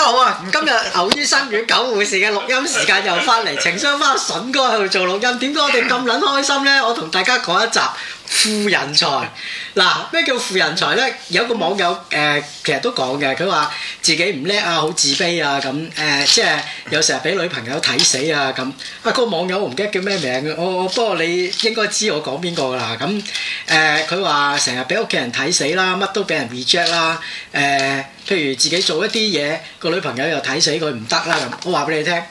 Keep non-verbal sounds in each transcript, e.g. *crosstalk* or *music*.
好啊！今日牛醫生與九護士嘅錄音時間又翻嚟，情商翻筍哥去做錄音，點解我哋咁撚開心呢？我同大家講一集。負人材，嗱，咩叫負人材呢？有個網友誒、呃，其實都講嘅，佢話自己唔叻啊，好自卑啊，咁誒、呃，即係有成日俾女朋友睇死啊，咁、那、啊個網友我唔記得叫咩名，我不過你應該知我講邊個啦，咁誒佢話成日俾屋企人睇死啦，乜都俾人 reject 啦、啊，誒譬如自己做一啲嘢，個女朋友又睇死佢唔得啦咁，我話俾你聽，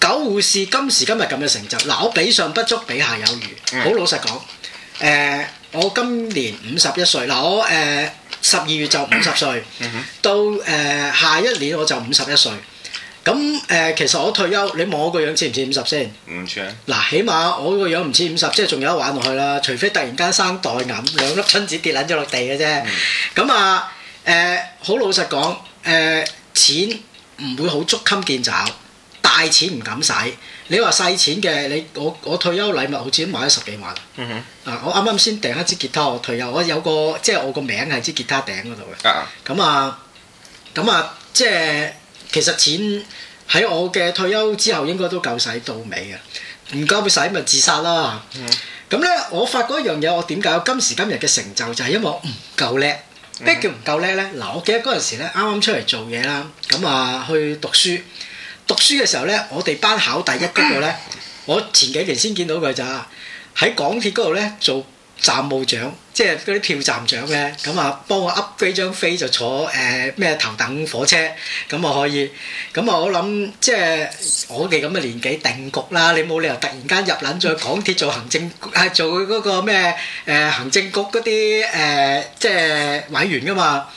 九護士今時今日咁嘅成就，嗱，我比上不足，比下有餘，好老實講。誒、呃，我今年五十一歲，嗱我誒十二月就五十歲， *coughs* 到誒、呃、下一年我就五十一歲。咁誒、呃，其實我退休，你望我個樣似唔似五十先？唔嗱， *coughs* 起碼我樣50，個樣唔似五十，即係仲有得玩落去啦。除非突然間生袋癌，兩粒春子跌撚咗落地嘅啫。咁啊，誒 *coughs* 好、呃、老實講，誒、呃、錢唔會好捉襟見肘，大錢唔敢使。你話細錢嘅你我我退休禮物好似都買咗十幾萬。嗯、哼啊！我啱啱先訂一支吉他我退休，我有個即係我個名係支吉他頂嗰度嘅。咁啊，咁啊，即係、啊、其實錢喺我嘅退休之後應該都夠使到尾嘅，唔夠使咪自殺啦。咁咧、嗯哼，我發覺一樣嘢，我點解今時今日嘅成就就係、是、因為我唔夠叻。咩叫唔夠叻咧？嗱，我記得嗰陣時咧，啱啱出嚟做嘢啦，咁啊去讀書。讀書嘅時候咧，我哋班考第一嗰個咧，我前幾年先見到佢咋，喺港鐵嗰度咧做站務長，即係嗰啲票站長咧，咁啊幫我 upgrade 張飛就坐誒咩頭等火車，咁啊可以，咁啊我諗即係我哋咁嘅年紀定局啦，你冇理由突然間入捻咗去港鐵做行政，係做嗰、嗰個咩誒、呃、行政局嗰啲誒即係委員噶嘛，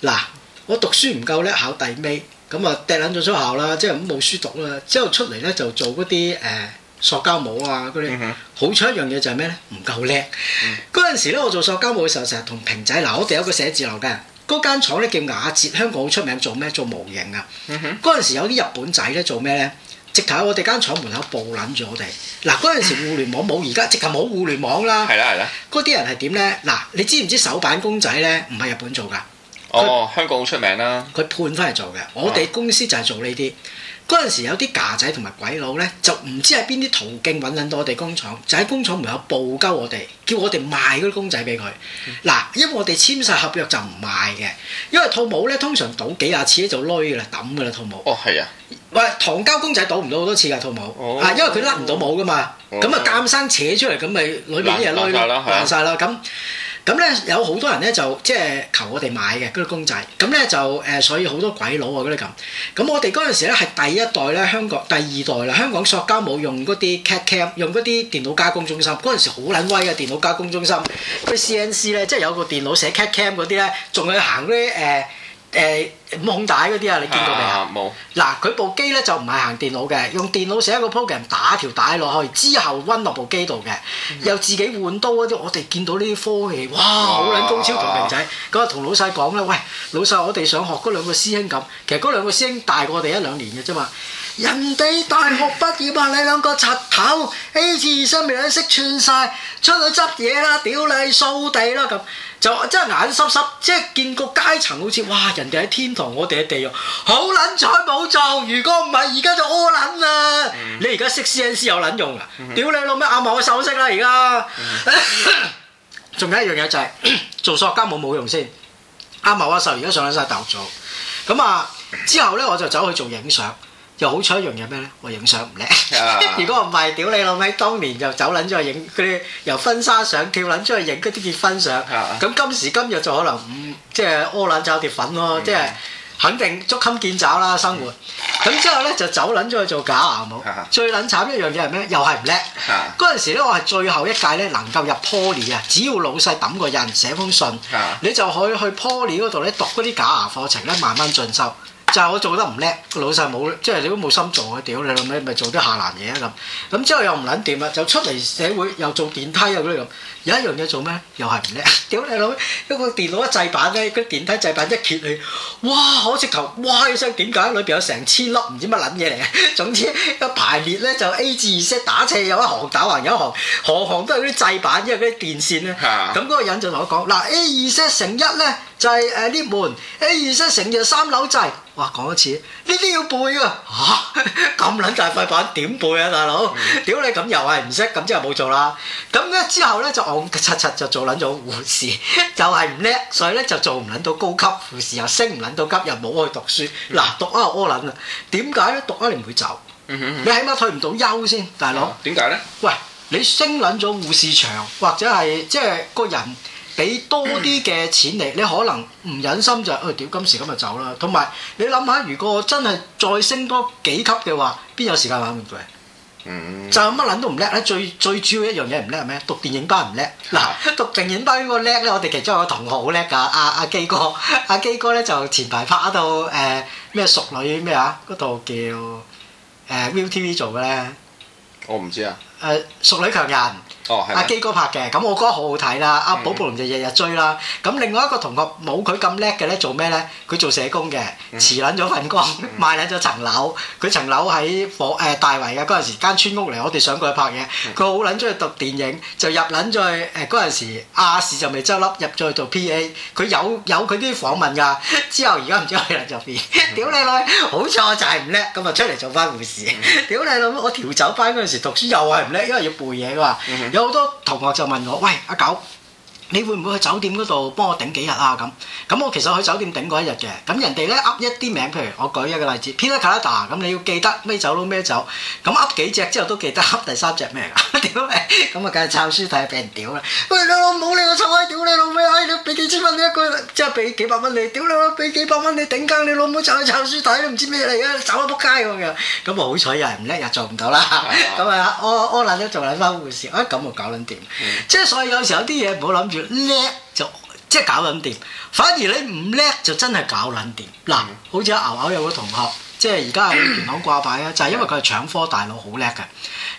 嗱我讀書唔夠咧，考第二尾。咁啊，掟撚咗出校啦，即係冇書讀啦。之後出嚟咧就做嗰啲誒塑膠模啊嗰啲。Mm hmm. 好彩一樣嘢就係咩咧？唔夠叻。嗰陣、mm hmm. 時咧，我做塑膠模嘅時候，成日同平仔嗱，我哋有個寫字樓嘅嗰間廠咧叫雅緻，香港好出名做咩？做模型啊。嗰陣、mm hmm. 時有啲日本仔咧做咩咧？直頭喺我哋間廠門口布撚住我哋。嗱嗰陣時互聯網冇，而家 *laughs* 直頭冇互聯網啦。係啦係啦。嗰啲人係點咧？嗱，你知唔知手板公仔咧唔係日本做㗎？哦，香港好出名啦！佢判翻嚟做嘅，我哋公司就係做呢啲。嗰陣、哦、時有啲架仔同埋鬼佬咧，就唔知喺邊啲途徑揾撚到我哋工廠，就喺工廠門口報鳩我哋，叫我哋賣嗰啲公仔俾佢。嗱、嗯，因為我哋簽晒合約就唔賣嘅，因為套帽咧通常倒幾廿次就攣噶啦，抌噶啦套帽。哦，係啊！喂，搪膠公仔倒唔到好多次噶套帽，啊，因為佢甩唔到帽噶嘛，咁啊夾硬生扯出嚟咁咪裏邊啲嘢攣爛曬啦，係啊！咁咧有好多人咧就即係求我哋買嘅嗰啲公仔，咁咧就誒、呃、所以好多鬼佬啊嗰啲咁。咁我哋嗰陣時咧係第一代咧，香港第二代啦。香港塑膠冇用嗰啲 CAT CAM，用嗰啲電腦加工中心，嗰陣時好撚威嘅電腦加工中心。佢 CNC 咧即係有個電腦寫 CAT CAM 嗰啲咧，仲去行嗰啲誒。呃誒網帶嗰啲啊，你見過未？冇。嗱、啊，佢部機咧就唔係行電腦嘅，用電腦寫一個 program 打條帶落去，之後溫落部機度嘅，嗯、又自己換刀嗰啲。我哋見到呢啲科技，哇，好撚高超同平仔。咁啊，同老細講啦，喂，老細，我哋想學嗰兩個師兄咁，其實嗰兩個師兄大過我哋一兩年嘅啫嘛。人哋大學畢業啊！uis? 你兩個柒頭 A 字衫未有識穿晒，出去執嘢啦！屌你掃地啦咁，就真係眼濕濕，即係見個階層好似哇！人哋喺天堂，我哋喺地獄。好撚彩冇做，如果唔係而家就屙撚啦！你而家識 CNC 有撚用啊？屌你老咩！阿茂嘅手勢啦，而家、嗯。仲 *laughs* 有一、就是、有樣嘢就係做數學家冇冇用先。阿茂啊，秀而家上緊曬大學咗。咁啊，之後咧我就走去做影相。又好彩一樣嘢咩咧？我影相唔叻。 *laughs* 如果唔係，屌你老味！當年就走撚咗去影嗰啲由婚紗相跳撚出去影嗰啲結婚相。咁、啊、今時今日就可能、嗯、即係屙撚走碟粉咯，嗯、即係肯定捉襟見肘啦生活。咁之是後咧就走撚咗去做假牙舞，好、啊、最撚慘一樣嘢係咩？又係唔叻。嗰陣、啊、時咧我係最後一屆咧能夠入 Poly 啊，只要老細抌個人寫封信，啊、你就可以去 Poly 嗰度咧讀嗰啲假牙課程咧，慢慢進修。就係我做得唔叻，老細冇，即係你都冇心做啊！屌你老味，咪做啲下欄嘢啊咁。咁之後又唔撚掂啦，就出嚟社會又做電梯嗰啲咁。有一樣嘢做咩？又係唔叻？屌、 *laughs* 嗯、你老味，一個電腦嘅製板咧，個電梯製板一揭起，哇！好直頭哇！呢箱點解裏邊有成千粒唔知乜撚嘢嚟？總之一個排列咧就 A 至二式打斜，有一行打橫，有一行，行行都係嗰啲製板，因為嗰啲電線咧。咁嗰 *laughs* 個人就同我講：嗱，A 二式乘一咧，就係誒啲門；A 二式乘二，三樓製、就是。哇！講一次，呢啲要背㗎嚇。咁、啊、撚 *laughs* 大塊板點背啊，大佬？屌 *laughs* *laughs* 你咁又係唔識，咁之後冇做啦。咁咧之後咧就咁柒柒就做撚咗護士，就係唔叻，所以咧就做唔撚到高級護士又升唔撚到級又冇去讀書，嗱、mm hmm. 讀啊屙撚啊，點解咧？讀啊你唔會走，mm hmm. 你起碼退唔到休先，大佬點解咧？哦、呢喂，你升撚咗護士長或者係即係個人俾多啲嘅錢你， *coughs* 你可能唔忍心就哦屌、哎、今時今日就走啦。同埋你諗下，如果真係再升多幾級嘅話，邊有時間玩玩具？ *noise* 就乜撚都唔叻咧，最最主要一樣嘢唔叻係咩？讀電影班唔叻。嗱， *laughs* 讀電影班個叻咧，我哋其中有個同學好叻㗎，阿、啊、阿、啊、基哥，阿、啊、基哥咧就前排拍一套誒咩淑女咩、呃、啊、呃，嗰套叫誒 ViuTV 做嘅咧。我唔知啊。誒，淑女強人。阿基哥拍嘅，咁我覺得好好睇啦。阿寶寶龍就日日追啦。咁另外一個同學冇佢咁叻嘅咧，做咩咧？佢做社工嘅，遲撚咗份工，賣撚咗層樓。佢層樓喺火誒大圍嘅嗰陣時間村屋嚟，我哋想過去拍嘢。佢好撚中意讀電影，就入撚咗去誒嗰陣時亞視就未執笠，入咗去做 PA。佢有有佢啲訪問㗎。之後而家唔知去咗邊。屌你老，好彩我就係唔叻，咁啊出嚟做翻護士。屌你老，我調走翻嗰陣時讀書又係唔叻，因為要背嘢㗎嘛。有好多同學就問我：喂，阿狗。你會唔會去酒店嗰度幫我頂幾日啊？咁咁我其實我去酒店頂過一日嘅，咁人哋咧噏一啲名，譬如我舉一個例子，Pilatada，咁你要記得咩酒攞咩酒，咁噏幾隻之後都記得噏第三隻咩嚟㗎？屌，咁啊梗係抄書睇啊俾人屌啦！喂你老母你個臭閪屌你老咩閪都俾幾千蚊你一個月，即係俾幾百蚊你屌你老，俾幾百蚊你頂更你老母就係抄書睇都唔知咩嚟嘅，走啊仆街咁嘅，咁啊好彩又係唔叻又做唔到啦，咁啊我我難得做下翻護士，啊咁我搞撚掂？即係所以有時候啲嘢唔好諗住。叻就即係搞捻掂，反而你唔叻就真係搞捻掂。嗱，好似阿牛牛有個同學，即係而家喺元朗掛牌啊， *coughs* 就係因為佢係搶科大佬，好叻嘅。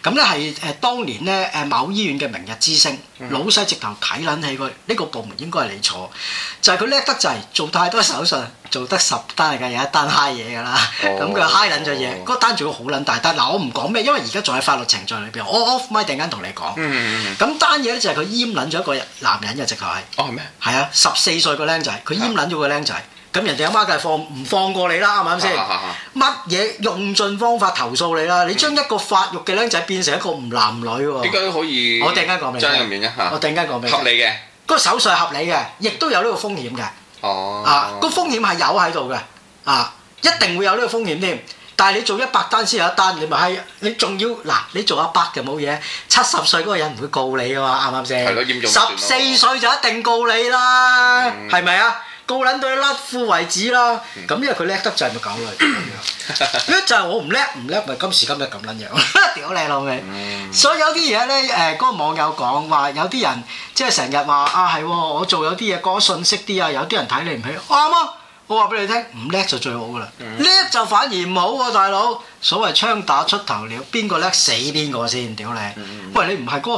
咁咧係誒當年咧誒某醫院嘅明日之星，老西直頭睇撚起佢呢、呢個部門應該係你坐，就係佢叻得滯，做太多手術，做得十單嚟㗎，有一單嗨嘢㗎啦，咁佢嗨 i 撚咗嘢，嗰、嗯哦嗯那個、單做咗好撚大單。嗱我唔講咩，因為而家仲喺法律程序裏邊，我 off my 突然間同你講。咁、嗯嗯、單嘢咧就係佢閹撚咗一個男人嘅直頭係。哦係咩？係啊，十四歲個僆仔，佢閹撚咗個僆仔。嗯咁人哋阿媽梗係放唔放過你啦，係咪先？乜嘢用盡方法投訴你啦？你將一個發育嘅僆仔變成一個唔男女喎？點解可以？我突然間講明？張唔遠一下。我突然間講明？合理嘅。嗰個手術係合理嘅，亦都有呢個風險嘅。哦。啊，個風險係有喺度嘅。啊，一定會有呢個風險添。但係你做一百單先有一單，你咪係你仲要嗱？你做一百就冇嘢，七十歲嗰個人唔會告你㗎嘛，啱唔啱先？係咯，嚴重。十四歲就一定告你啦，係咪啊？高撚到甩褲為止咯，咁、嗯、因為佢叻得滯咪搞佢，叻 *laughs* 就係我唔叻，唔叻咪今時今日咁撚樣，屌 *laughs* 你老味！嗯、所以有啲嘢咧，誒、那、嗰個網友講話，有啲人即係成日話啊，係我做有啲嘢過得順適啲啊，有啲人睇你唔起，啱啊！我話俾你聽，唔叻就最好噶啦，叻、嗯、就反而唔好喎、啊，大佬。所謂槍打出頭鳥，邊個叻死邊個先，屌你！嗯嗯、喂，你唔係嗰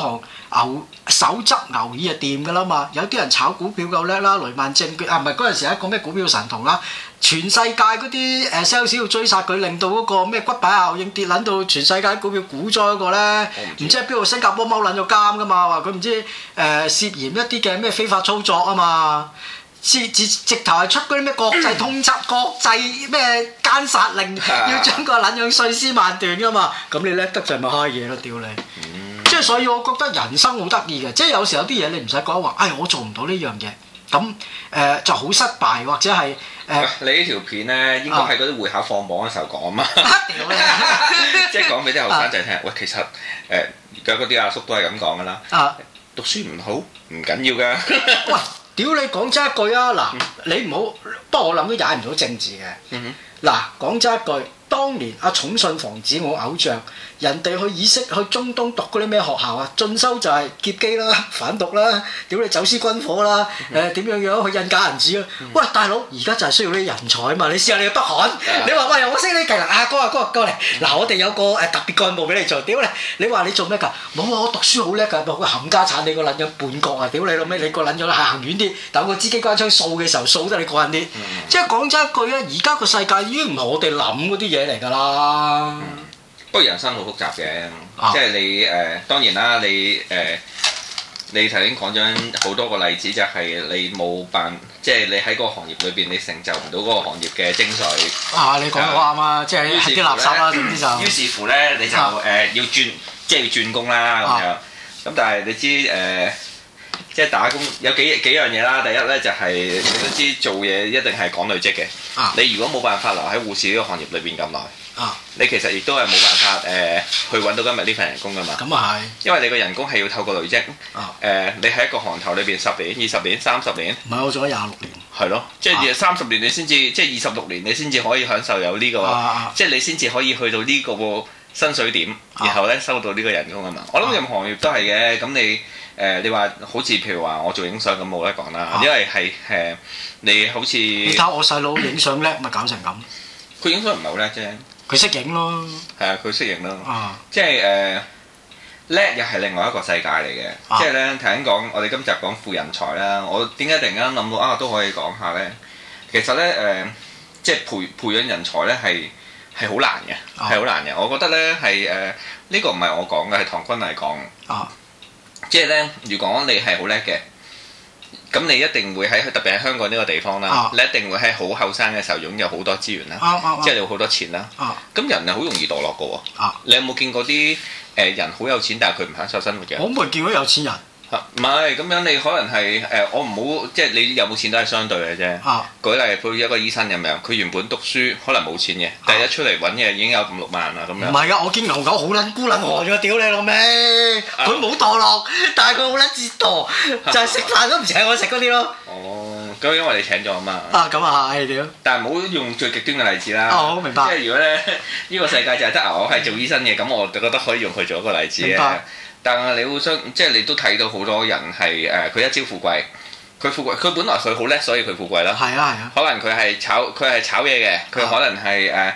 行牛手執牛耳就掂噶啦嘛。有啲人炒股票夠叻啦，雷曼證券啊，唔係嗰陣時一個咩股票神童啦，全世界嗰啲誒 sales 要追殺佢，令到嗰個咩骨牌效應跌撚到全世界股票股災嗰個咧，唔、嗯、知喺邊度新加坡踎撚咗監噶嘛？話佢唔知誒、呃、涉嫌一啲嘅咩非法操作啊嘛。直接直頭係出嗰啲咩國際通緝、嗯、國際咩奸殺令，要將個撚樣碎屍萬段噶嘛！咁你叻得就唔開嘢咯，屌你！嗯、即係所以，我覺得人生好得意嘅，即係有時候有啲嘢你唔使講話，哎，我做唔到呢樣嘢，咁、呃、誒就好失敗或者係誒、呃啊。你呢條片咧應該喺嗰啲會考放榜嘅時候講啊！屌你，即係講俾啲後生仔聽，喂，啊、其實誒而家嗰啲阿叔都係咁講噶啦，啊、讀書唔好唔緊要㗎。 *laughs* *laughs* *laughs* 屌你講真一句啊！嗱，你唔好，嗯、不過我諗都踩唔到政治嘅。嗱、嗯嗯，講真一句，當年阿寵信防止我偶像。人哋去以色列去中東讀嗰啲咩學校啊？進修就係劫機啦、販毒啦、屌你走私軍火啦、誒點樣樣去印假銀紙啊？喂，大佬而家就係需要呢啲人才啊嘛！你試下你去北韓，你話喂，我識啲技能啊，過啊過啊過嚟嗱，我哋有個誒特別幹部俾你做，屌你！你話你做咩㗎？冇啊，我讀書好叻㗎，冇冚家鏟你個撚樣叛國啊！屌你老味，你個撚樣行遠啲，等個支機關槍掃嘅時候掃得你過癮啲。即係講真一句啊，而家個世界已經唔係我哋諗嗰啲嘢嚟㗎啦。不過人生好複雜嘅，啊、即係你誒、呃、當然啦，你誒、呃、你頭先講咗好多個例子，就係、是、你冇辦，即係你喺個行業裏邊，你成就唔到嗰個行業嘅精髓。啊，你講得啱就啊！即係啲垃圾啦，總之就於是乎咧、嗯，你就誒、呃啊、要轉，即、就、係、是、要轉工啦咁、啊、樣。咁但係你知誒？呃即係打工有幾幾樣嘢啦，第一咧就係你都知做嘢一定係講累積嘅。你如果冇辦法留喺護士呢個行業裏邊咁耐，你其實亦都係冇辦法誒去搵到今日呢份人工㗎嘛。咁啊係，因為你個人工係要透過累積。誒，你喺一個行頭裏邊十年、二十年、三十年，唔係我做咗廿六年。係咯，即係三十年你先至，即係二十六年你先至可以享受有呢個，即係你先至可以去到呢個薪水點，然後咧收到呢個人工㗎嘛。我諗任何行業都係嘅，咁你。誒、呃，你話好似譬如話我做影相咁，冇得講啦，因為係誒、呃，你好似你睇我細佬影相叻，咪、嗯、搞成咁。佢影相唔係好叻啫，佢識影咯。係啊，佢識影咯。啊、呃，即係誒叻又係另外一個世界嚟嘅。啊、即係咧頭先講，我哋今集講富人才啦。我點解突然間諗到啊都可以講下咧？其實咧誒、呃，即係培培養人才咧係係好難嘅，係好、啊、難嘅。我覺得咧係誒呢、呃這個唔係我講嘅，係唐君麗講。啊。啊。即係咧，如果你係好叻嘅，咁你一定會喺特別喺香港呢個地方啦，啊、你一定會喺好後生嘅時候擁有好多資源啦，啊啊啊、即係有好多錢啦。咁、啊、人係好容易墮落嘅喎。啊、你有冇見過啲誒、呃、人好有錢，但係佢唔享受生活嘅？我冇見過有錢人。唔係咁樣，你可能係誒、呃，我唔好即係你有冇錢都係相對嘅啫。啊、舉例，譬如一個醫生咁樣，佢原本讀書可能冇錢嘅，第一出嚟揾嘅已經有五六萬啦咁樣。唔係啊，我見牛狗好撚孤撚寒咗，屌你老味！佢冇、啊、墮落，但係佢好撚折墮，就係、是、食飯都唔請我食嗰啲咯、啊。哦，咁因為你請咗啊嘛、嗯。啊，咁啊，唉屌！但係唔好用最極端嘅例子啦。哦、啊，好明白。即係如果咧，呢、這個世界就係得我係做醫生嘅，咁我就覺得可以用佢做一個例子咧。但係你會想，即係你都睇到好多人係誒，佢一朝富貴，佢富貴，佢本來佢好叻，所以佢富貴啦。係啊係啊。可能佢係炒，佢係炒嘢嘅，佢可能係誒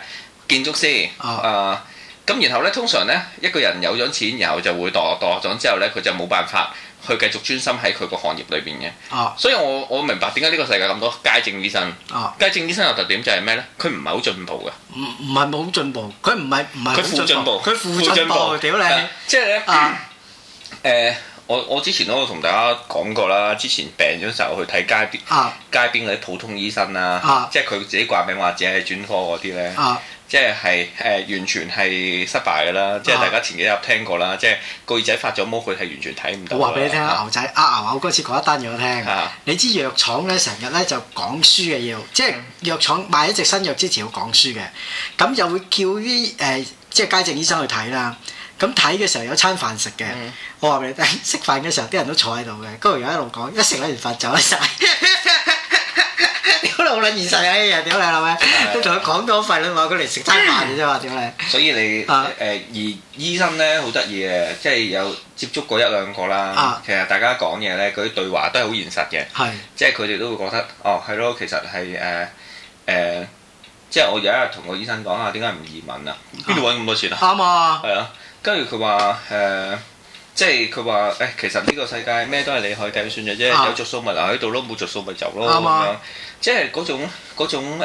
建築師啊。咁然後咧，通常咧，一個人有咗錢，然後就會墮墮落咗之後咧，佢就冇辦法去繼續專心喺佢個行業裏邊嘅。所以我我明白點解呢個世界咁多街症醫生。啊，街症醫生嘅特點就係咩咧？佢唔係好進步㗎。唔唔係冇進步，佢唔係唔係。佢負進步。佢負進步。屌即係咧誒，我、呃、我之前都同大家講過啦，之前病嗰陣時候去睇街邊街邊嗰啲普通醫生啦、啊，啊、即係佢自己掛名或者係專科嗰啲咧，即係誒完全係失敗噶啦。即係大家前幾日聽過啦，即係巨仔發咗魔，佢係完全睇唔到。我話俾你聽啊，啊，牛仔啊牛，我嗰次講一單嘢我聽，啊、你知藥廠咧成日咧就講書嘅要，即係藥廠賣一隻新藥之前要講書嘅，咁又會叫啲誒即係街正醫生去睇啦。咁睇嘅時候有餐飯食嘅，我話俾你聽，食飯嘅時候啲人都坐喺度嘅，嗰度又一路講，一食曬完飯走曬，晒。」嗰度好撚現實啊！屌你係咪？都同佢講咗廢啦嘛，佢嚟食餐飯嘅啫嘛，屌你！所以你誒而醫生咧好得意嘅，即係有接觸過一兩個啦，其實大家講嘢咧嗰啲對話都係好現實嘅，即係佢哋都會覺得哦，係咯，其實係誒誒，即係我有一日同個醫生講啊，點解唔移民啊？邊度揾咁多錢啊？啱啊！係啊！跟住佢話誒，即係佢話誒，其實呢個世界咩都係你可以計算嘅啫，有着數咪留喺度咯，冇着數咪走咯，即係嗰種嗰種，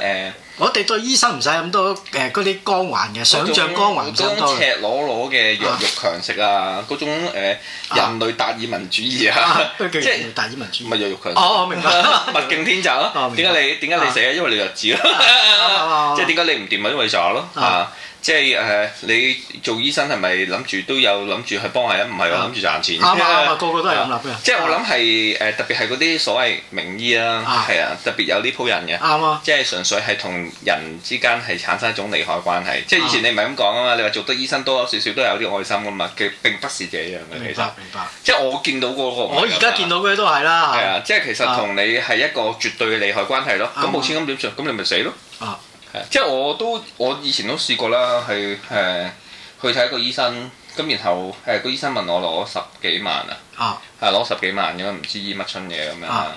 我哋對醫生唔使咁多誒嗰啲光環嘅想像，光環咁赤裸裸嘅弱肉強食啊，嗰種人類達爾文主義啊，即係達爾文主義，唔係弱肉強食。哦，我明白，物競天擇咯。點解你點解你死啊？因為你弱智咯。即係點解你唔掂啊？因為傻咯。啊！即係誒，你做醫生係咪諗住都有諗住去幫人？唔係話我諗住賺錢。啱啊，啱，個個都係咁諗。即係我諗係誒，特別係嗰啲所謂名醫啦，係啊，特別有呢鋪人嘅。啱啊！即係純粹係同人之間係產生一種利害關係。即係以前你唔係咁講啊嘛？你話做得醫生多多少少都有啲愛心㗎嘛？其實並不是這樣嘅。明白明白。即係我見到嗰個，我而家見到嗰啲都係啦。係啊，即係其實同你係一個絕對嘅利害關係咯。咁冇錢咁點算？咁你咪死咯。啊！即係我都我以前都試過啦，去誒去睇一個醫生，咁然後誒個醫生問我攞十幾萬啊，係攞十幾萬咁樣，唔知醫乜春嘢咁樣啊，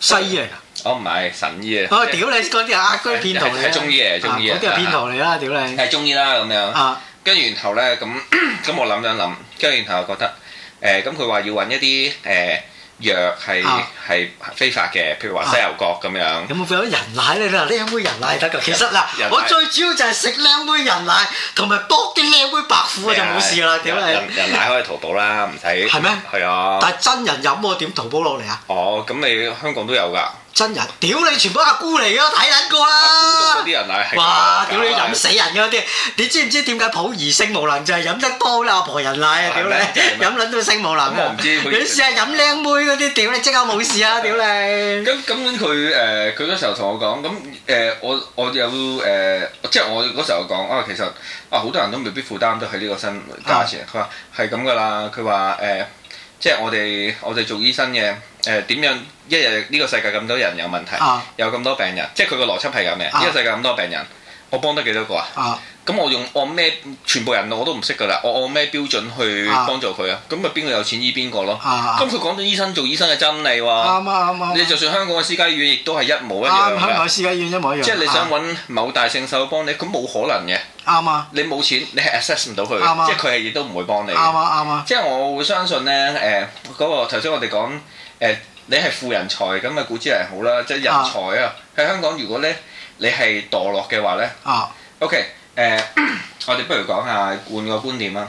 西醫嚟㗎？我唔係神醫啊！哦，屌你嗰啲係亞騙徒嚟嘅，係中醫嚟，中醫嚟，嗰啲係騙徒嚟啦，屌你係中醫啦咁樣，跟住然後咧咁咁我諗一諗，跟住然後覺得誒咁佢話要揾一啲誒。藥係係非法嘅，譬如話犀牛角咁樣。有冇飲人奶咧？嗱，呢一杯人奶得㗎。其實嗱，我最主要就係食呢一杯人奶，同埋煲啲呢一杯白虎就冇事啦。屌你！人奶可以淘寶啦，唔使。係咩？係啊。但係真人飲我點淘寶落嚟啊？哦，咁你香港都有㗎。真人，屌你全部阿姑嚟㗎，睇撚過啦！啲人奶、啊，哇嘩，屌你飲死人嗰、啊、啲，你知唔知點解普兒性無能就係飲得多啦？阿婆人奶、啊，屌你，飲卵都性無能，唔知你試試！你試下飲靚妹嗰啲，屌你即刻冇事啊！屌你的。咁咁樣佢誒，佢嗰、呃、時候同我講，咁誒、呃、我我有誒，即、呃、係、就是、我嗰時候講啊，其實啊好多人都未必負擔得起呢個身價錢，佢話係咁㗎啦，佢話誒。即係我哋我哋做醫生嘅，誒、呃、點樣一日呢個世界咁多人有問題，uh huh. 有咁多病人，即係佢個邏輯係咁嘅，呢、uh huh. 個世界咁多病人，我幫得幾多個啊？Uh huh. 咁我用我咩全部人我都唔識㗎啦。我按咩標準去幫助佢啊？咁咪邊個有錢醫邊個咯？咁佢講咗醫生做醫生嘅真理喎。啱啊啱啊！你就算香港嘅私家醫院，亦都係一模一樣。香港嘅私家醫院一模一樣。即係你想揾某大聖手幫你，咁冇可能嘅。啱啊！你冇錢，你係 access 唔到佢，即係佢係亦都唔會幫你。啱啊啱啊！即係我會相信咧，誒嗰個頭先我哋講誒，你係富人才咁嘅股資人好啦，即係人才啊喺香港。如果咧你係墮落嘅話咧，OK。誒，我哋不如講下換個觀點啊！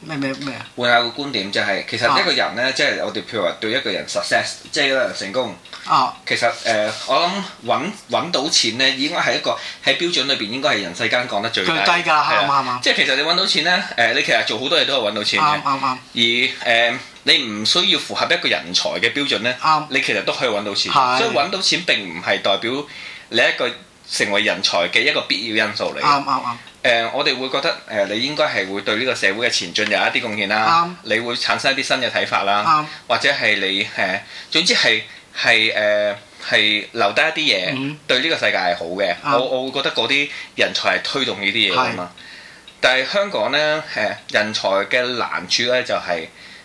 咩咩咩啊！換下個觀點就係其實一個人咧，即係我哋譬如話對一個人 success，即係一個人成功啊。其實誒，我諗揾揾到錢咧，應該係一個喺標準裏邊應該係人世間講得最低嘅，係啊，啱啱。即係其實你揾到錢咧，誒，你其實做好多嘢都係揾到錢嘅，啱啱啱。而誒，你唔需要符合一個人才嘅標準咧，啱。你其實都可以揾到錢，所以揾到錢並唔係代表你一個。成為人才嘅一個必要因素嚟。啱啱啱。誒，我哋會覺得誒，你應該係會對呢個社會嘅前進有一啲貢獻啦。啱。你會產生一啲新嘅睇法啦。啱。或者係你誒，總之係係誒係留低一啲嘢對呢個世界係好嘅。我我會覺得嗰啲人才係推動呢啲嘢㗎嘛。但係香港咧誒，人才嘅難處咧就係，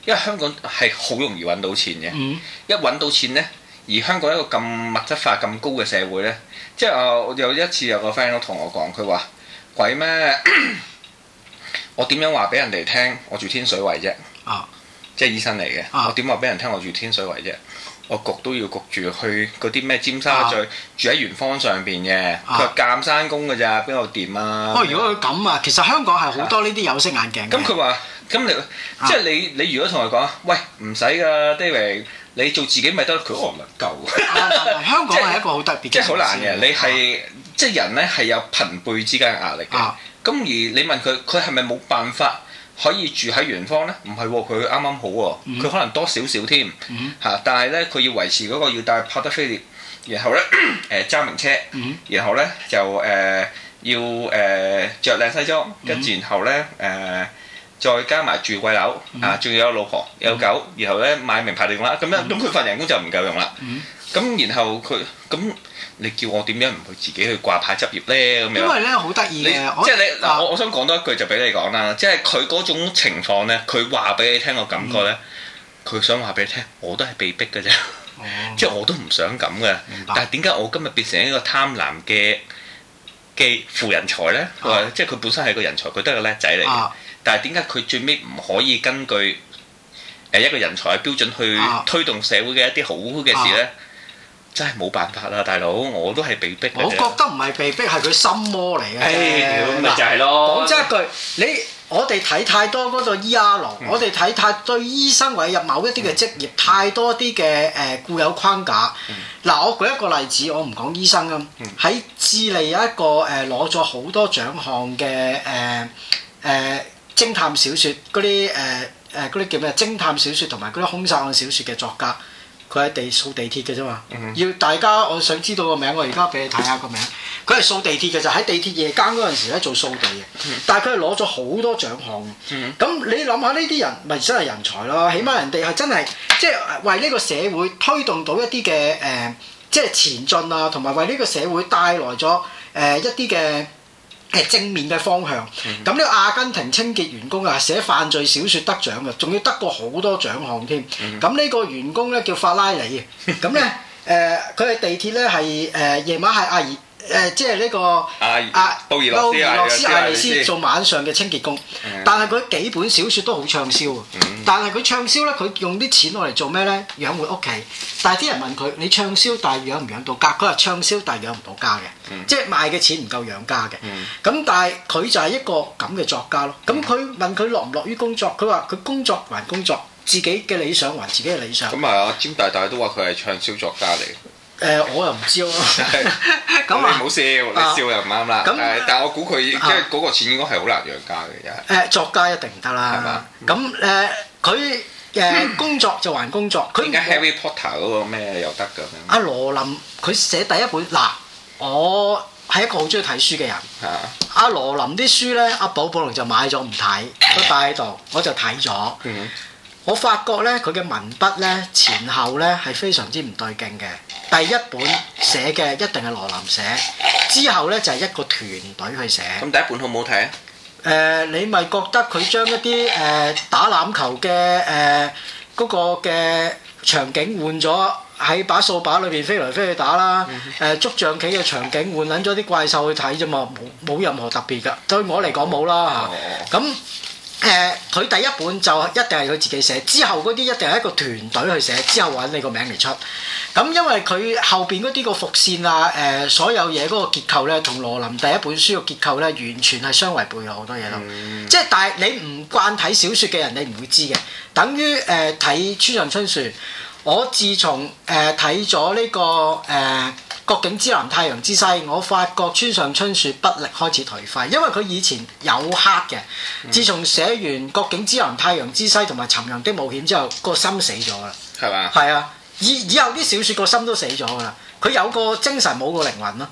因為香港係好容易揾到錢嘅。嗯。一揾到錢咧，而香港一個咁物質化咁高嘅社會咧。即係我有一次有個 friend 都同我講，佢話鬼咩？我點樣話俾人哋聽？我住天水圍啫。啊，即係醫生嚟嘅。啊，我點話俾人聽？我住天水圍啫。我焗都要焗住去嗰啲咩尖沙咀住喺元朗上邊嘅，佢話監山公嘅咋邊度掂啊？哦，如果佢咁啊，其實香港係好多呢啲有色眼鏡。咁佢話咁你即係你你如果同佢講，喂唔使噶，David。你做自己咪得，佢唔能夠，香港係一個好特別，即係好難嘅。你係、啊、即係人咧係有朋輩之間嘅壓力嘅，咁、啊、而你問佢佢係咪冇辦法可以住喺元方咧？唔係喎，佢啱啱好喎、啊，佢、嗯、可能多少少添嚇，但係咧佢要維持嗰個要帶 Patek Philippe，然後咧誒揸名車，嗯、然後咧就誒要誒著靚西裝，跟住然後咧誒。再加埋住貴樓啊，仲要有老婆有狗，嗯、然後咧買名牌電話，咁樣咁佢、嗯、份人工就唔夠用啦。咁、嗯、然後佢咁，你叫我點樣唔去自己去掛牌執業咧？咁樣因為咧好得意即係你嗱，我你我，我想講多一句就俾你講啦。即係佢嗰種情況咧，佢話俾你聽個感覺咧，佢、嗯、想話俾你聽，我都係被逼嘅啫。哦、即係我都唔想咁嘅，白但係點解我今日變成一個貪婪嘅？嘅負人材咧，即係佢本身係個人才，佢都係個叻仔嚟嘅。但係點解佢最尾唔可以根據誒一個人才嘅標準去推動社會嘅一啲好嘅事咧？真係冇辦法啦，大佬，我都係被逼。我覺得唔係被逼，係佢心魔嚟嘅。誒，咪就係咯。講真一句，你。我哋睇太多嗰個 E.R. 廊，我哋睇太對醫生或者入某一啲嘅職業太多啲嘅誒固有框架。嗱，我舉一個例子，我唔講醫生啊。喺智利有一個誒攞咗好多獎項嘅誒誒偵探小説嗰啲誒誒啲叫咩啊？偵探小説同埋嗰啲凶殺案小説嘅作家。佢喺地掃地鐵嘅啫嘛， *noise* 要大家我想知道個名，我而家俾你睇下個名。佢係掃地鐵嘅，就喺地鐵夜間嗰陣時咧做掃地嘅，但係佢係攞咗好多獎項。咁 *noise* 你諗下呢啲人，咪、即係、真係人才咯？ *noise* 起碼人哋係真係即係為呢個社會推動到一啲嘅誒，即、呃、係、即係、前進啊，同埋為呢個社會帶來咗誒、呃、一啲嘅。正面嘅方向，咁呢個阿根廷清潔員工啊，寫犯罪小説得獎嘅，仲要得過好多獎項添。咁呢個員工咧叫法拉利，咁咧誒佢嘅地鐵咧係誒夜晚係阿爾。誒，即係呢個阿布爾洛斯、阿麗斯做晚上嘅清潔工，但係佢幾本小説都好暢銷。但係佢暢銷咧，佢用啲錢落嚟做咩咧？養活屋企。但係啲人問佢：你暢銷，但係養唔養到家？佢話暢銷，但係養唔到家嘅，即係賣嘅錢唔夠養家嘅。咁但係佢就係一個咁嘅作家咯。咁佢問佢樂唔樂於工作？佢話佢工作還工作，自己嘅理想還自己嘅理想。咁係阿詹大大都話佢係暢銷作家嚟。誒，我又唔知咯。咁啊，你唔好笑，你笑又唔啱啦。咁，但係我估佢，因為嗰個錢應該係好難養家嘅，又係。作家一定唔得啦。係嘛？咁誒，佢誒工作就還工作。佢點解 Harry Potter 嗰個咩又得嘅？阿羅琳，佢寫第一本嗱，我係一個好中意睇書嘅人。係阿羅琳啲書咧，阿寶寶龍就買咗唔睇，都擺喺度，我就睇咗。我發覺咧，佢嘅文筆咧，前後咧係非常之唔對勁嘅。第一本寫嘅一定係羅琳寫，之後咧就係一個團隊去寫。咁第一本好唔好睇啊？誒，你咪覺得佢將一啲誒打籃球嘅誒嗰個嘅場景換咗喺把掃把裏邊飛嚟飛去打啦，誒捉象棋嘅場景換撚咗啲怪獸去睇啫嘛，冇冇任何特別㗎。對我嚟講冇啦嚇，咁。誒佢、呃、第一本就一定係佢自己寫，之後嗰啲一定係一個團隊去寫，之後揾你個名嚟出。咁因為佢後邊嗰啲個伏線啊、誒、呃、所有嘢嗰個結構咧，同羅琳第一本書嘅結構咧，完全係相違背嘅，好多嘢咯。嗯、即係但係你唔慣睇小說嘅人，你唔會知嘅。等於誒睇《村上春樹》，我自從誒睇咗呢個誒。呃《國境之南》《太陽之西》，我發覺村上春樹筆力開始頹廢，因為佢以前有黑嘅，自從寫完《國境之南》《太陽之西》同埋《尋人》的冒險之後，個心死咗啦，係嘛吧？係啊，以以後啲小説個心都死咗噶啦，佢有個精神冇個靈魂咯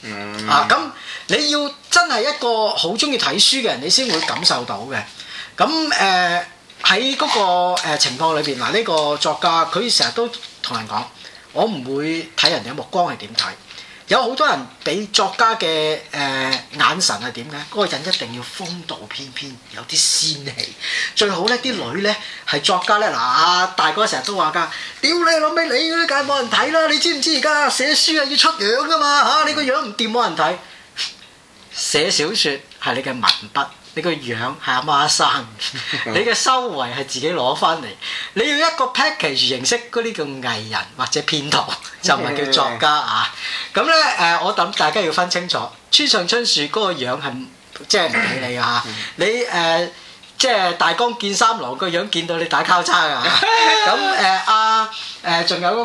，mm hmm. 啊，咁你要真係一個好中意睇書嘅人，你先會感受到嘅。咁誒喺嗰個誒情況裏邊，嗱、呃、呢、呢個作家佢成日都同人講。我唔會睇人哋嘅目光係點睇，有好多人俾作家嘅誒、呃、眼神係點咧？嗰個人一定要風度翩翩，有啲仙氣。最好咧啲女咧係作家咧嗱、啊，大哥成日都話噶，屌你老味，你啲梗係冇人睇啦！你知唔知而家寫書啊要出樣噶嘛嚇？你個樣唔掂冇人睇。嗯、寫小説係你嘅文筆。你個樣係阿媽生你嘅，修為係自己攞翻嚟。你要一個 package 形式嗰啲，叫藝人或者騙徒， *laughs* 就唔係叫作家、嗯、啊。咁呢，誒、呃，我諗大家要分清楚。村上春樹嗰個樣係即係唔理你啊！嗯、你誒即係大江健三郎個樣見到你打交叉、嗯、啊。咁誒阿誒，仲、呃、有嗰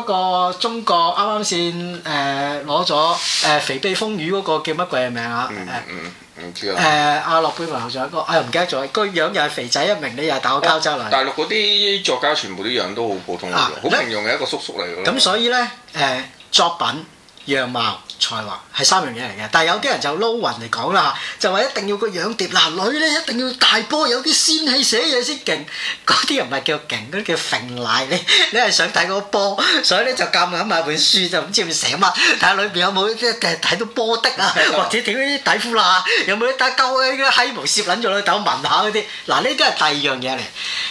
個中國啱啱先誒攞咗誒《呃、肥婢風雨》嗰個叫乜鬼嘅名啊？嗯嗯嗯唔阿諾貝文仲有一個，我、哎、又唔記得咗。個樣又係肥仔一名，你、啊、又係打過交州嚟。大陸嗰啲作家全部啲樣都好普通好、啊、平庸嘅一個叔叔嚟咁、啊、那所以呢，誒作品樣貌，才華係三樣嘢嚟嘅，但係有啲人就撈勻嚟講啦，就話一定要個樣碟嗱、呃、女咧一定要大波，有啲仙氣寫嘢先勁。嗰啲又唔係叫勁，嗰啲叫揈奶咧。你係想睇個波，所以咧就夾硬買本書，就唔知要寫乜，睇下裏邊有冇即係睇到波的啊，的或者點啲底褲罅、啊、有冇啲大鳩嘅閪毛攝撚咗。內，等聞下嗰啲嗱呢啲係第二樣嘢嚟。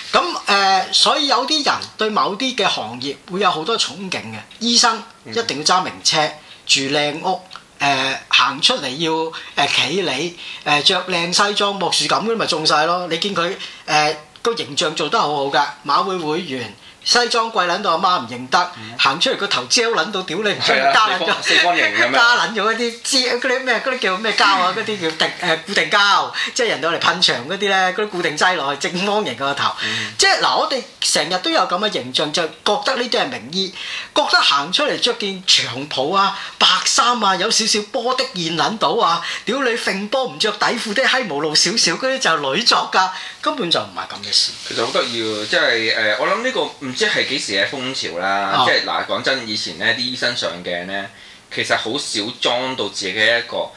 咁誒、呃，所以有啲人對某啲嘅行業會有好多憧憬嘅，醫生一定要揸名車。嗯住靚屋，誒、呃、行出嚟要誒企你，誒、呃、著、呃、靚西裝，莫樹咁嘅咪中曬咯！你見佢誒個形象做得好好㗎，馬會會員。西裝貴捻到阿媽唔認得，行、嗯、出嚟個頭焦捻到屌你唔知，啊、加捻了咗，加捻咗嗰啲粘嗰啲咩嗰啲叫咩膠啊？嗰啲叫定誒 *laughs* 固定膠，即係人攞嚟噴牆嗰啲咧，嗰啲固定劑落去正方形個頭。嗯、即係嗱，我哋成日都有咁嘅形象著，就覺得呢啲係名衣，覺得行出嚟著件長袍啊、白衫啊，有少少波的現捻到啊，屌你揈波唔著底褲啲閪毛露少少，嗰啲就係女作㗎、啊。根本就唔係咁嘅事。其實好得意即係誒，我諗呢個唔知係幾時嘅風潮啦。哦、即係嗱，講、呃、真，以前咧啲醫生上鏡咧，其實好少裝到自己一個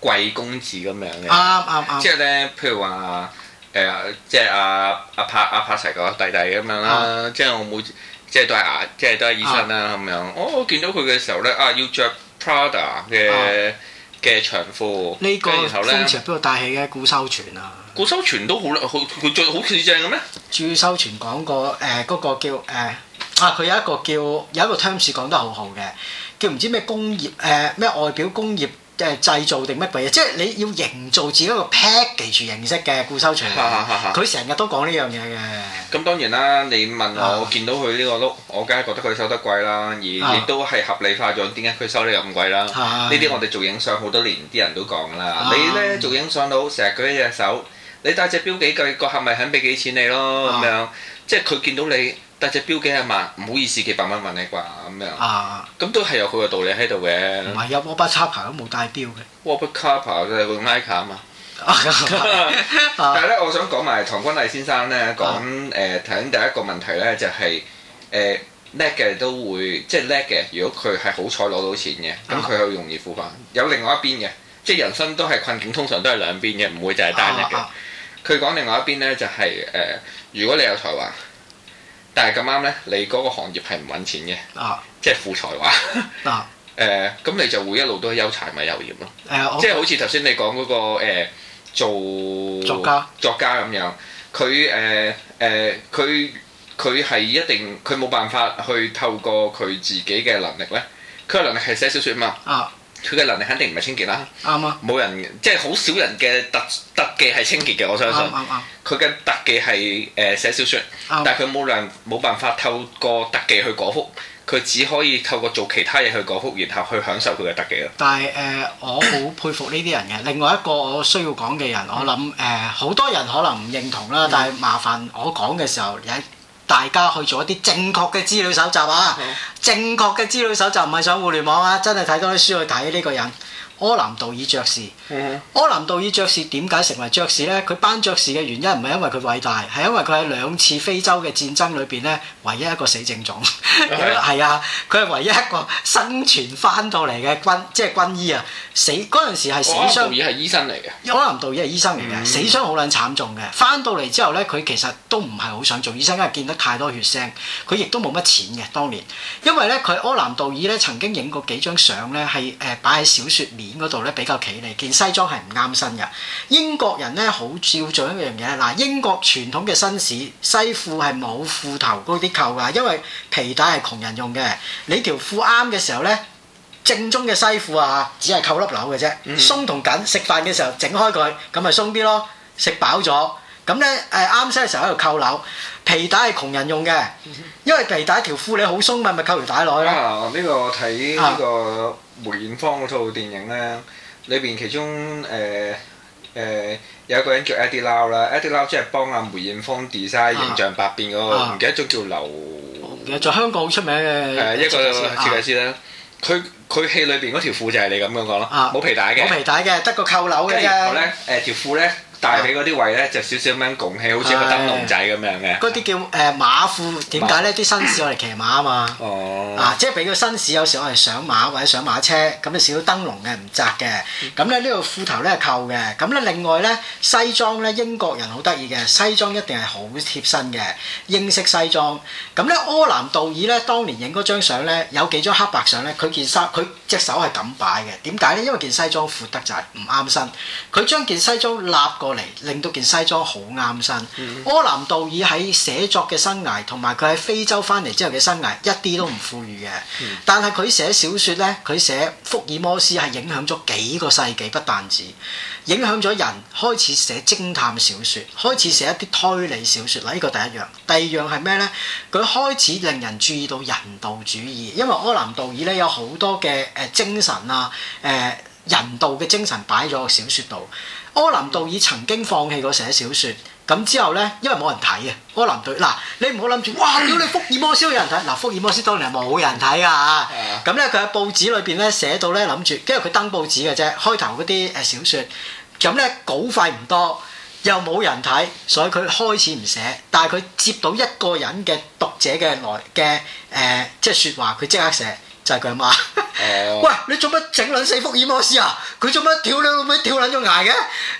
貴公子咁樣嘅。啱啱啱。啊啊、即係咧，譬如話誒、呃，即係阿阿柏阿柏齊個弟弟咁樣啦。啊、即係我每即係都係牙，即係都係醫生啦咁樣、嗯哦。我見到佢嘅時候咧，啊要着 Prada 嘅。嘅長課，這個呢個風潮邊個帶起嘅？顧修全啊，顧修全都好啦，佢佢最好似正嘅咩？朱修全講過誒嗰個叫誒啊，佢、呃、有一個叫有一個 terms 講得好好嘅，叫唔知咩工業誒咩、呃、外表工業。即係製造定乜鬼嘢？即係你要營造自己一個 package 形式嘅固收場。佢成日都講呢樣嘢嘅。咁當然啦，你問我、啊、我見到佢呢、這個碌，我梗係覺得佢收得貴啦，而亦、啊、都係合理化咗。點解佢收得咁貴啦？呢啲、啊、我哋做影相好多年，啲人都講啦。啊、你咧做影相佬成日舉一隻手，你帶隻錶幾貴，個客咪肯俾幾錢你咯？咁樣、啊啊、即係佢見到你。但隻表幾廿萬，唔好意思，幾百蚊問你啩咁樣。啊，咁都係有佢個道理喺度嘅。唔係，有 Warp Cupper 都冇戴表嘅。Warp Cupper 即係佢 Nike 啊嘛。 *laughs* 啊但係咧，我想講埋唐君毅先生咧講誒，睇緊、啊呃、第一個問題咧、就是，就係誒叻嘅都會即係叻嘅，如果佢係好彩攞到錢嘅，咁佢好容易富翻。有另外一邊嘅，即係人生都係困境，通常都係兩邊嘅，唔會就係單一嘅。佢講另外一邊咧，就係、是、誒，如果你有才華。但係咁啱咧，你嗰個行業係唔揾錢嘅，啊、即係負才華、那個。誒、呃，咁你就會一路都憂柴米油鹽咯。即係好似頭先你講嗰個做作家作家咁樣，佢誒誒佢佢係一定佢冇辦法去透過佢自己嘅能力咧，佢嘅能力係寫小說啊嘛。啊佢嘅能力肯定唔係清潔啦，啱啊！冇人，即係好少人嘅特特技係清潔嘅，我相信。啱啱佢嘅特技係誒寫小說，啊、但係佢冇能冇辦法透過特技去果腹，佢只可以透過做其他嘢去果腹，然後去享受佢嘅特技咯。但係誒、呃，我好佩服呢啲人嘅。另外一個我需要講嘅人， *coughs* 我諗誒，好、呃、多人可能唔認同啦，但係麻煩我講嘅時候大家去做一啲正確嘅資料搜集啊！的正確嘅資料搜集唔係上互聯網啊，真係睇多啲書去睇呢個人。柯南道爾爵士，的柯南道爾爵士點解成為爵士呢？佢頒爵士嘅原因唔係因為佢偉大，係因為佢喺兩次非洲嘅戰爭裏邊呢，唯一一個死剩種，係啊的，佢係 *laughs* 唯一一個生存翻到嚟嘅軍，即係軍醫啊！死嗰陣時係死傷，道爾係醫生嚟嘅，柯南道爾係醫生嚟嘅，嗯、死傷好撚慘重嘅。翻到嚟之後呢，佢其實都唔係好想做醫生，因為見得太多血腥，佢亦都冇乜錢嘅。當年因為呢，佢柯南道爾咧，曾經影過幾張相呢，係誒擺喺小説面度咧比較企利，件西裝係唔啱身嘅。英國人咧好照做一樣嘢，嗱，英國傳統嘅紳士，西褲係冇褲頭嗰啲扣㗎，因為皮帶係窮人用嘅。你條褲啱嘅時候咧，正宗嘅西褲啊，只係扣粒紐嘅啫，鬆同緊。食飯嘅時候整開佢，咁咪鬆啲咯。食飽咗咁咧誒啱晒嘅時候喺度扣紐。皮帶係窮人用嘅，因為皮帶條褲你好鬆密咪扣完帶落去咯。嗱、啊、呢、這個睇呢個梅艷芳嗰套電影咧，裏邊其中誒誒、呃呃、有一個人叫 Eddie Lau 啦，Eddie Lau 即係幫阿梅艷芳 design、啊、形象百變嗰個，唔記得咗叫劉，做、啊、香港好出名嘅是。係一個設計師啦，佢佢、啊、戲裏邊嗰條褲就係你咁樣講咯，冇、啊、皮帶嘅，冇皮帶嘅，得個扣紐嘅啫。跟咧，誒條褲咧。帶起嗰啲位咧，就少少咁樣拱起，好似的一個燈籠仔咁樣嘅。嗰啲叫誒、呃、馬褲，點解咧？啲紳士我哋騎馬啊嘛。哦，啊，即係俾個紳士有時我哋上馬或者上馬車咁，你少少燈籠嘅，唔窄嘅。咁咧呢、呢個褲頭咧係扣嘅。咁咧另外咧，西裝咧，英國人好得意嘅，西裝一定係好貼身嘅英式西裝。咁咧柯南道爾咧當年影嗰張相咧，有幾張黑白相咧，佢件衫佢隻手係咁擺嘅。點解咧？因為件西裝闊得滯唔啱身，佢將件西裝。立。過嚟令到件西裝好啱身。Mm hmm. 柯南道爾喺寫作嘅生涯同埋佢喺非洲翻嚟之後嘅生涯一啲都唔富裕嘅，mm hmm. 但係佢寫小説呢，佢寫福爾摩斯係影響咗幾個世紀，不但止影響咗人開始寫偵探小説，開始寫一啲推理小説啦。呢個第一樣，第二樣係咩呢？佢開始令人注意到人道主義，因為柯南道爾咧有好多嘅誒精神啊，誒、呃。人道嘅精神擺咗個小説度，柯南道爾曾經放棄過寫小説，咁之後呢，因為冇人睇啊，柯南道爾，嗱，你唔好諗住，哇！屌你，你福爾摩斯有人睇，嗱福爾摩斯當年係冇人睇㗎嚇，咁呢佢喺報紙裏邊呢寫到呢，諗住，因為佢登報紙嘅啫，開頭嗰啲誒小説，咁呢稿費唔多，又冇人睇，所以佢開始唔寫，但係佢接到一個人嘅讀者嘅來嘅誒、呃，即係説話，佢即刻寫。就係佢阿媽。 *laughs* 喂，你做乜整卵死福爾摩斯啊？佢做乜跳卵跳卵隻牙嘅？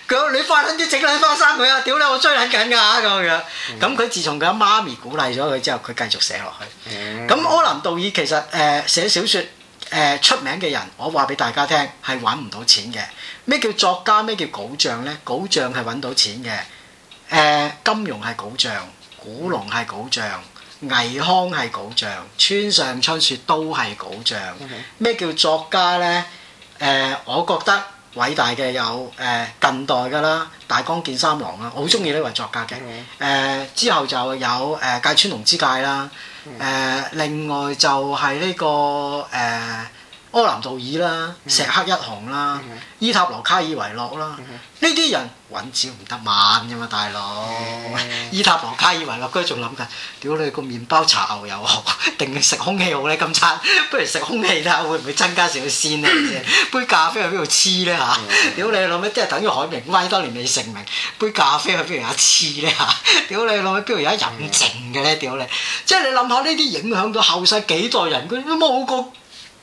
佢話你快卵啲整卵翻生佢啊！屌你，我追卵緊㗎咁樣。咁佢、嗯、自從佢阿媽咪鼓勵咗佢之後，佢繼續寫落去。咁、嗯、柯南道爾其實誒、呃、寫小説誒、呃、出名嘅人，我話俾大家聽係揾唔到錢嘅。咩叫作家？咩叫稿匠呢？稿匠係揾到錢嘅、呃。金庸係稿匠，古龍係稿匠。倪匡係稿匠，村上春樹都係稿匠。咩 Okay. 叫作家呢？呃、我覺得偉大嘅有誒、呃、近代噶啦，大江健三郎啦。我好中意呢位作家嘅 Okay.、呃。之後就有誒芥川龍之介啦。誒、呃、另外就係呢、這個誒。呃柯南道爾啦、石黑一雄啦、嗯、伊塔羅卡爾維諾啦，呢啲、嗯、人揾錢唔得慢㗎嘛，大佬！嗯、伊塔羅卡爾維諾佢仲諗緊，屌你個麵包擦牛油好定食空氣好呢？今餐不如食空氣啦，會唔會增加少少鮮咧？杯咖啡去邊度黐呢？嚇、嗯？屌你老咩？即係等於海明威當年未成名，杯咖啡去邊度黐呢？嚇？屌你老咩？邊度有得飲剩嘅呢？屌你、嗯！即係你諗下呢啲影響到後世幾代人，佢都冇個。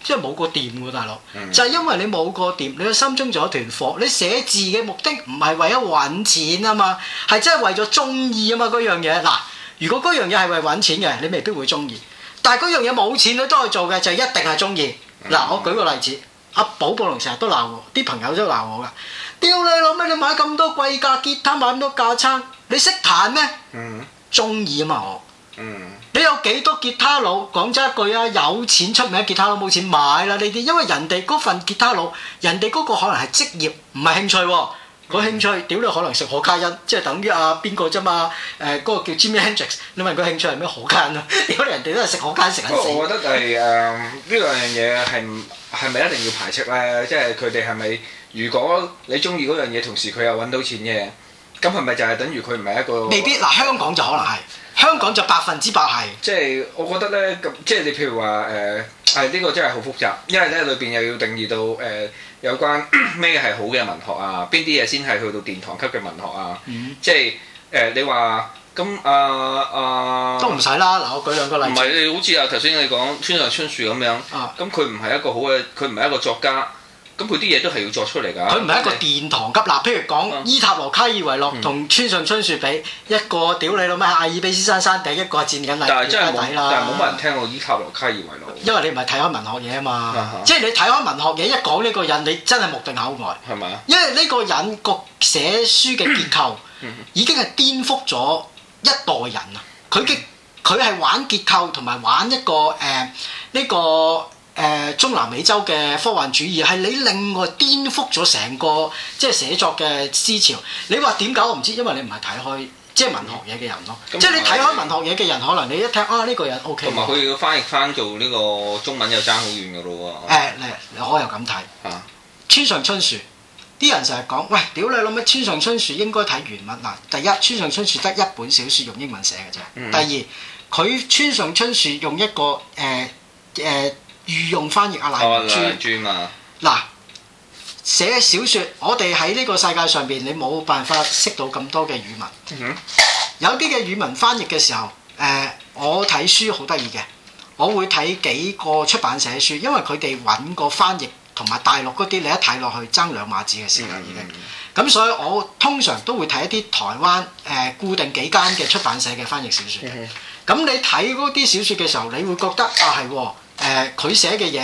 即係冇個店喎，大佬，mm hmm. 就係因為你冇個店，你嘅心中仲有一團貨。你寫字嘅目的唔係為咗揾錢啊嘛，係真係為咗中意啊嘛嗰樣嘢。嗱，如果嗰樣嘢係為揾錢嘅，你未必會中意。但係嗰樣嘢冇錢你都係做嘅，就一定係中意。嗱，我舉個例子，mm hmm. 阿寶寶龍成日都鬧我，啲朋友都鬧我㗎。屌、mm hmm. 你老味，你買咁多貴價吉他，買咁多架撐，你識彈咩？中意啊嘛我。Mm hmm. mm hmm. 你有幾多吉他佬？講真一句啊，有錢出名吉他佬，冇錢買啦呢啲，因為人哋嗰份吉他佬，人哋嗰個可能係職業，唔係興，、哦那個、興趣。嗰興趣屌你可能食可卡因，即係等於阿、啊、邊個啫嘛？誒、呃，嗰、那個叫 Jimi Hendrix，你問佢興趣係咩？可卡因啊？點 *laughs* 解人哋都係食可卡因食緊死？不我，我覺得係誒呢兩樣嘢係係咪一定要排斥咧？即係佢哋係咪如果你中意嗰樣嘢，同時佢又揾到錢嘅，咁係咪就係等於佢唔係一個未必嗱、呃？香港就可能係。香港就百分之百係，即係我覺得咧，咁即係你譬如話誒，係、呃、呢、這個真係好複雜，因為咧裏邊又要定義到誒、呃、有關咩係好嘅文學啊，邊啲嘢先係去到殿堂級嘅文學啊，嗯、即係誒、呃、你話咁啊啊，都唔使啦，嗱我舉兩個例，唔係你好似啊頭先你講村上春樹咁樣，咁佢唔係一個好嘅，佢唔係一個作家。咁佢啲嘢都係要作出嚟㗎，佢唔係一個殿堂級立。嗱你，譬如講、啊、伊塔羅·卡爾維洛同村上春樹比一，一個屌你老媽，阿爾卑斯山山頂，一個係戰忍。但係真係冇，但係冇乜人聽過伊塔羅·卡爾維洛，因為你唔係睇開文學嘢啊嘛，啊哈 即係你睇開文學嘢，一講呢個人，你真係目定口呆。係咪啊？因為呢個人個寫書嘅結構已經係顛覆咗一代人啊！佢嘅佢係玩結構，同埋玩一個誒呢、呃這個。這個這個這個這個誒、呃、中南美洲嘅科幻主義係你另外顛覆咗成個即係寫作嘅思潮。你話點解我唔知，因為你唔係睇開即係文學嘢嘅人咯。即係你睇開文學嘢嘅人，可能你一聽啊呢、呢個人 O K。同埋佢要翻譯翻做呢個中文又爭好遠噶咯喎。誒、呃，啊、你可又咁睇啊。村上春樹啲人成日講喂，屌你諗咩？村上春樹應該睇原文嗱。第一，村上春樹得一本小説用英文寫嘅啫。第二，佢村上春樹用一個誒誒。呃呃呃御用翻譯、oh, 啊，賴專、啊。嗱，寫小説，我哋喺呢個世界上邊，你冇辦法識到咁多嘅語文。Mm hmm. 有啲嘅語文翻譯嘅時候，誒、呃，我睇書好得意嘅，我會睇幾個出版社嘅書，因為佢哋揾個翻譯同埋大陸嗰啲，你一睇落去爭兩碼子嘅時間已經。咁、mm hmm. 所以，我通常都會睇一啲台灣誒、呃、固定幾間嘅出版社嘅翻譯小説。咁、mm hmm. 你睇嗰啲小説嘅時候，你會覺得啊，係、啊。啊啊啊誒佢、呃、寫嘅嘢，誒、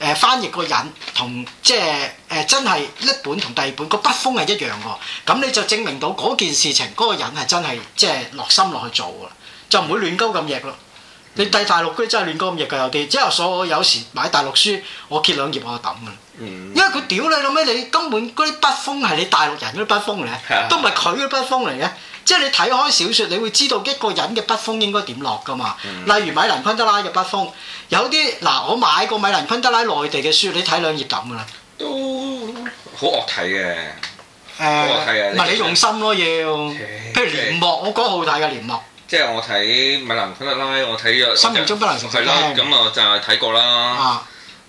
呃、翻譯個人同即係誒、呃、真係一本同第二本、個筆風係一樣喎，咁你就證明到嗰件事情嗰、個人係真係即係落心落去做噶，就唔會亂鳩咁譯咯。嗯、你第大陸啲真係亂鳩咁譯噶有啲，即係我有時買大陸書，我揭兩頁我就抌噶啦，嗯、因為佢屌你老味，你根本嗰啲筆風係你大陸人嗰啲筆風嚟，都唔係佢嗰筆風嚟嘅。嗯嗯。即係你睇開小説，你會知道一個人嘅筆風應該點落噶嘛。例如米蘭昆德拉嘅筆風，有啲嗱，我買過米蘭昆德拉內地嘅書，你睇兩頁咁噶啦，都好惡睇嘅。好惡睇誒，唔係你用心咯，要譬如《聯莫》，我覺得好睇嘅《聯莫》。即係我睇米蘭昆德拉，我睇咗《生命中不能承受之輕》。咁啊，就係睇過啦。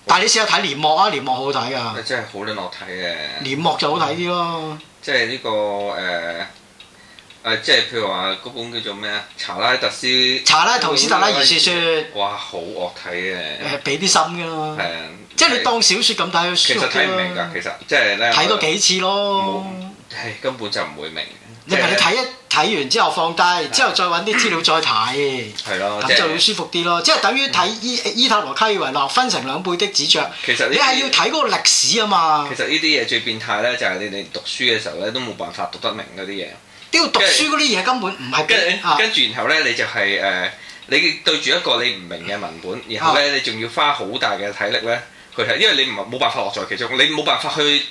但係你試下睇《聯莫》啊，《聯莫》好好睇噶。即係好難樂睇嘅。《聯莫》就好睇啲咯。即係呢個誒。誒，即係譬如話嗰本叫做咩啊？查拉圖斯特拉爾小説，哇，好惡睇嘅，俾啲心㗎嘛。係啊，即係你當小説咁睇書其實睇唔明㗎，其實即係咧睇多幾次咯。根本就唔會明。你睇一睇完之後放低，之後再揾啲資料再睇，係咯，咁就要舒服啲咯。即係等於睇伊伊塔羅卡爾維諾《分成兩倍的子爵》。其實你係要睇嗰個歷史啊嘛。其實呢啲嘢最變態咧，就係你哋讀書嘅時候咧，都冇辦法讀得明嗰啲嘢。都要讀書嗰啲嘢根本唔係，跟住，跟住，然後咧你就係、是、誒、呃，你對住一個你唔明嘅文本，然後咧、啊、你仲要花好大嘅體力咧去睇，因為你唔係冇辦法樂在其中，你冇辦法去。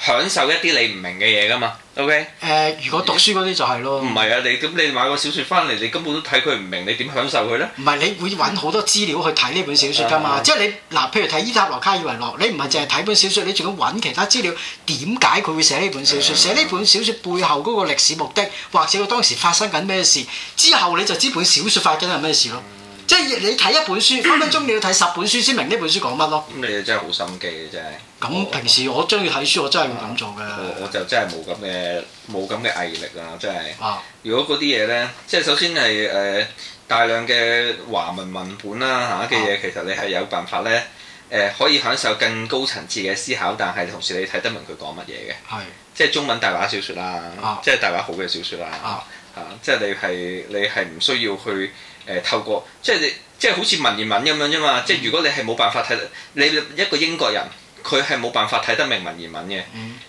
享受一啲你唔明嘅嘢噶嘛，OK？誒、呃，如果讀書嗰啲就係咯。唔係啊，你咁你買個小説翻嚟，你根本都睇佢唔明，你點享受佢咧？唔係你會揾好多資料去睇呢本小説噶嘛？嗯、即係你嗱，譬如睇《伊塔羅卡爾維諾》，你唔係淨係睇本小説，你仲要揾其他資料，點解佢會寫呢本小説？寫呢、嗯、本小説背後嗰個歷史目的，或者佢當時發生緊咩事？之後你就知本小説發生係咩事咯。嗯、即係你睇一本書，分分鐘你要睇十本書先明呢本書講乜咯。咁、嗯、你真係好心機嘅、啊、真係。咁平時我中意睇書，我真係會咁做嘅。我就真係冇咁嘅冇咁嘅毅力啦，真係。啊、如果嗰啲嘢呢，即係首先係誒、呃、大量嘅華文文本啦嚇嘅嘢，啊、其實你係有辦法呢、呃，可以享受更高層次嘅思考，但係同時你睇得明佢講乜嘢嘅。係是即係中文大話小説啦，啊、即係大話好嘅小説啦嚇，啊啊、即係你係你係唔需要去誒、呃、透過即係你即係好似文言文咁樣啫嘛。即係如果你係冇辦法睇，你一個英國人。佢係冇辦法睇得明文言文嘅，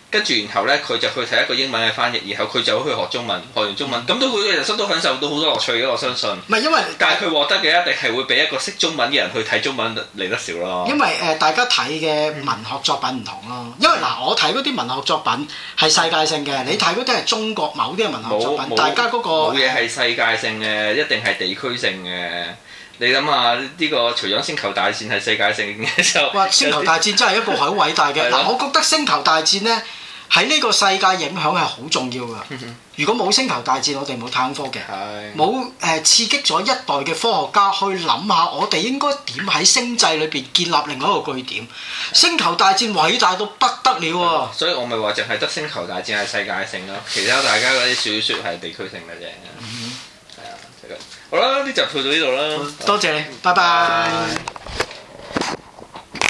跟住、嗯、然後呢，佢就去睇一個英文嘅翻譯，然後佢就會去學中文，學完中文，咁都佢嘅人生都享受到好多樂趣嘅，我相信。唔係因為，但係佢獲得嘅一定係會比一個識中文嘅人去睇中文嚟得少咯。因為誒、呃，大家睇嘅文學作品唔同咯。因為嗱、呃，我睇嗰啲文學作品係世界性嘅，嗯、你睇嗰啲係中國某啲嘅文學作品，沒大家嗰個冇嘢係世界性嘅，嗯、一定係地區性嘅。你諗下呢個除咗《星球大戰》係世界性嘅時候哇！對《星球大戰》真係一個好偉大嘅嗱，我覺得《星球大戰》咧喺呢個世界影響係好重要㗎。如果冇《星球大戰》，我哋冇太空科技，冇誒刺激咗一代嘅科學家去諗下我哋應該點喺星際裏邊建立另外一個據點。 *laughs* 《星球大戰》偉大到不得了啊！所以我咪話，淨係得《星球大戰》係世界性咯，其他大家嗰啲小説係地區性嘅啫。係啊。 *laughs* *laughs* 好啦，呢集去到呢度啦。多謝你，好拜拜。拜拜拜拜。